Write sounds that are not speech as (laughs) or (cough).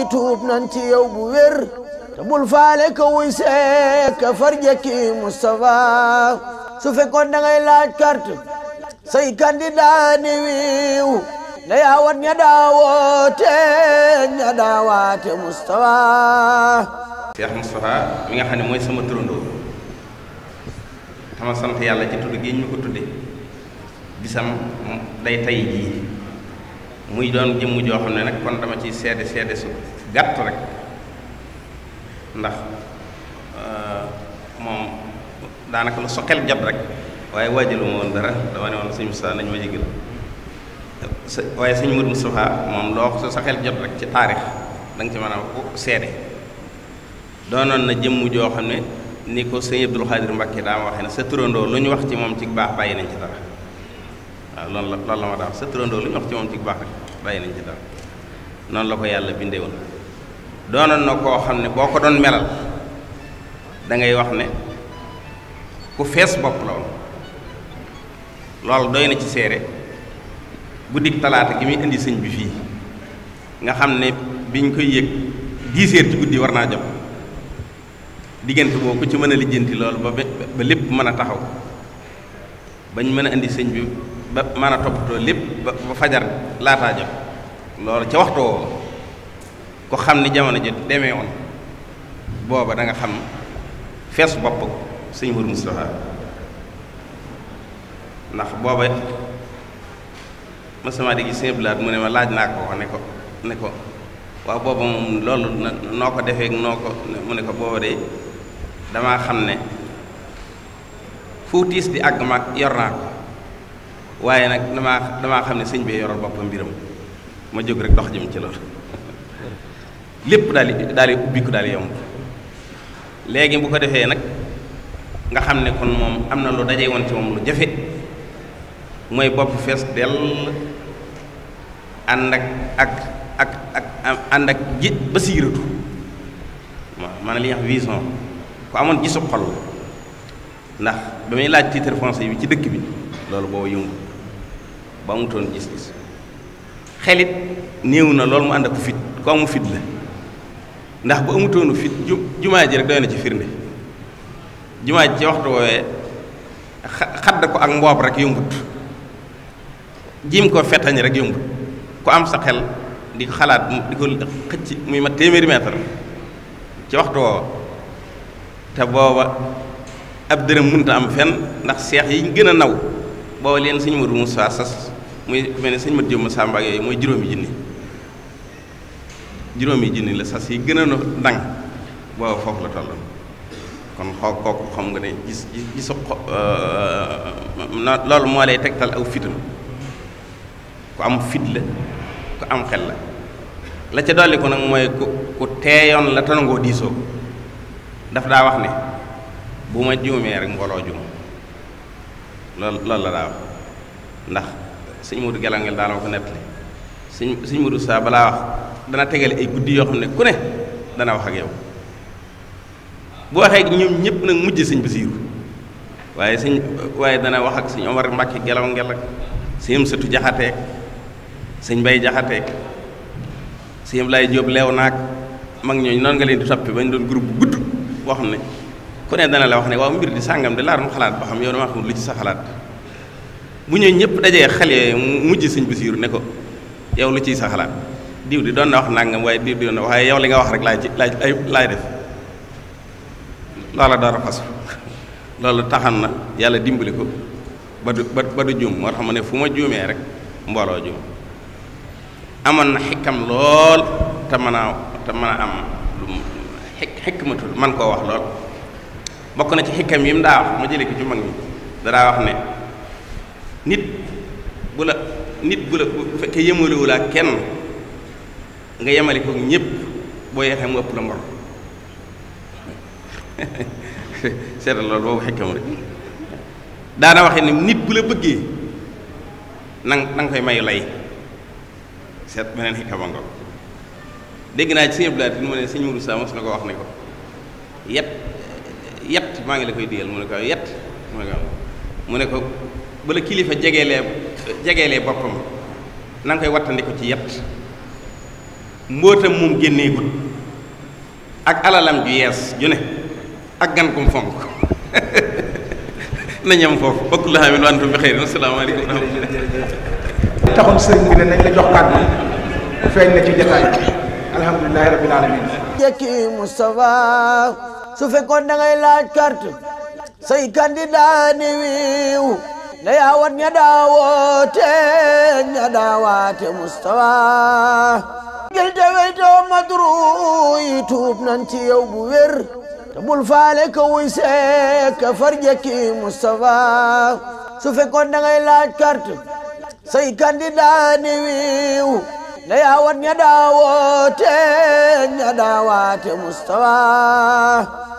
yi tuub nan ci yow bu wér te bul faale ka wuy see ka farjëkki Moustapha su fekkoon da laaj carte say candidat ni wiiw na yaawat ña daawoote ña daawaate Moustapha Cheikh mi nga xam ne mooy sama turandoo dama sant yàlla ci tudd gi ñu ko tudde bisam day tay jii muy doon jëmm joo xam ne nag kon dama ciy seede seede su gàtt rek ndax euh, moom daanaka lu soxel jot rek waaye waajalu ma woon dara dama ne woon sëñ Moustapha nañ ma yëgal waaye sëñ Mourou Moustapha moom loo su soxel jot rek ci taarix da ci mën a ko seede doonoon na jëmm joo xam ne ni ko sëñ Abdul Xaadir Mbàkke daa ma waxee ne sa turandoo lu wax ci moom ci baax bàyyi nañ ci dara waaw loolu la lool la ma daa wax sa turandoo lu ñu wax ci moom ci baax bàyyi nañ ci dara noonu la ko yàlla bindee woon doonoon na koo xam ne boo ko doon melal dangay wax ne ku fees bopp la woon loolu doy na ci seere guddik talaata gi muy indi sëñ bi fii nga xam ne biñ koy yëg dix heures ci guddi war naa jot diggante boo ko ci mën a lijjanti lool ba ba lépp mën a taxaw bañ mën a indi sëñ bi ba mën a toppatoo lépp ba fajar laataa jot loolu ca waxtoo woowu ku xam ni jamono ji demee woon booba da nga xam fees bopp sëñ Mourou Moustapha ndax booba mësuma di gis sëñ mu ne ma laaj naa ko ne ko ne ko waaw booba moom loolu noo ko defee noo ko mu ne ko booba de damaa xam ne fu tiis di àgg ma yor naa ko waaye nag damaa damaa xam ne sëñ bi yoroon boppam mbiram ma jóg rek dox jëm ci loolu lépp daal di daal di ubbiku daal yomb léegi bu ko defee nag nga xam ne kon moom am na lu daje woon ci moom lu jafe mooy bopp fees dell ànd ak ak ak ak ànd ak ji basiiratu waaw maanaam li ñuy wax vision ku amoon gisu xol ndax ba muy laaj titre foncier bi ci dëkk bi loolu boo yëngu ba amutoon gis-gis xelit néew na loolu mu ànd ak fit ku amu fit la ndax bu amutoonu fit ju jumaa ji rek doy na ci firnde jumaa ji ci waxtu woowee xadd ko ak mboop rek yombut jiim ko fettañ rek yombut ku am sa xel di ko xalaat di ko xëcc muy mat téeméeri mètre ci waxtu woowa te booba ab dërëm mënta am fenn ndax seex yi ñu gën a naw booba leen suñu Madu Musaa sas muy mel ne sëñ mat jëmm sàmba ak mooy juróomi jinni juróomi jinni la sas yi gën a ndang booba foofu la tolloon kon xoo kooku xam nga ne gis gisu euh, loolu moo lay tegtal aw fitam ku am fit la ku am xel la la ca dolli ko nag mooy ku ku teeyoon la tanangoo diisoo daf daa wax ne bu ma juumee rek mbooloo juum loolu la daa wax ndax sëñ Modou Gelangel daal ma ko nettali sëñ sëñ Modou saa balaa wax dana tegale ay guddi yoo xam ne ku ne dana wax ak yow bu waxee ñoom ñëpp nag mujj sëñ waaye sëñ waaye dana wax ak sëñ Omar Mbàkke Gelangel ak sëñ Sëtu Jaxate sëñ Mbay Jaxate sëñ Laay Jóob leew naag mag ñooñu noonu nga leen di toppi bañ doon groupe bu gudd boo xam ne ku ne dana la wax ne waaw mbir di sàngam de mu xam yow dama lu ci sa xalaat bu ñëw ñëpp daje xale mu mujj sëñ Basiiru ne ko yow lu ciy sa xalaat diw di doon na wax nangam waaye diw di doon waaye yow li nga wax rek laay ci laay laay def loola dara fas loolu taxan na yàlla dimbali ko ba du ba du juum moo tax ma ne fu ma juumee rek mbooloo juum amoon na xikkam lool te mën a te mën a am lu xik man koo wax lool bokk na ci xikkam yi mu daa wax ma jëlee ko ci mag ñi dadaa wax ne nit bu la nit bu la bu fekkee yemalewu kenn nga yemale ko ñëpp boo yeexee mu ëpp la mbor (laughs) seetal loolu boobu xekkam rek daana waxe ni nit bu la bëggee nang na koy mayu lay seet beneen xekkam nga dégg naa ci sëñ Abdoulaye mu ne sëñ Mourou Sa na ko wax ne ko yet yet ngi koy mu ne ko bala kilifa jegeelee jegeelee boppam na koy wattandiku ci yett mbóotam moom génneegul ak alalam ju yees ju ne ak gan kum fonk (laughs) na foofu bokkul la amin wa bi xeyrin asalaamaaleykum wa rahmatulah taxoon sëriñ rabbil alamin jekki Moustapha su fekkoon da laaj carte say candidat la yawat ña daawoote ña daawaate mustawa ngil te weytoo madru yi tuub nan ci yow bu te bul faale ka wuy see ka farjekki mustawa su fekkoon da ngay laaj carte say candidat ni wiiw la yawat ña daawoote ña daawaate mustawa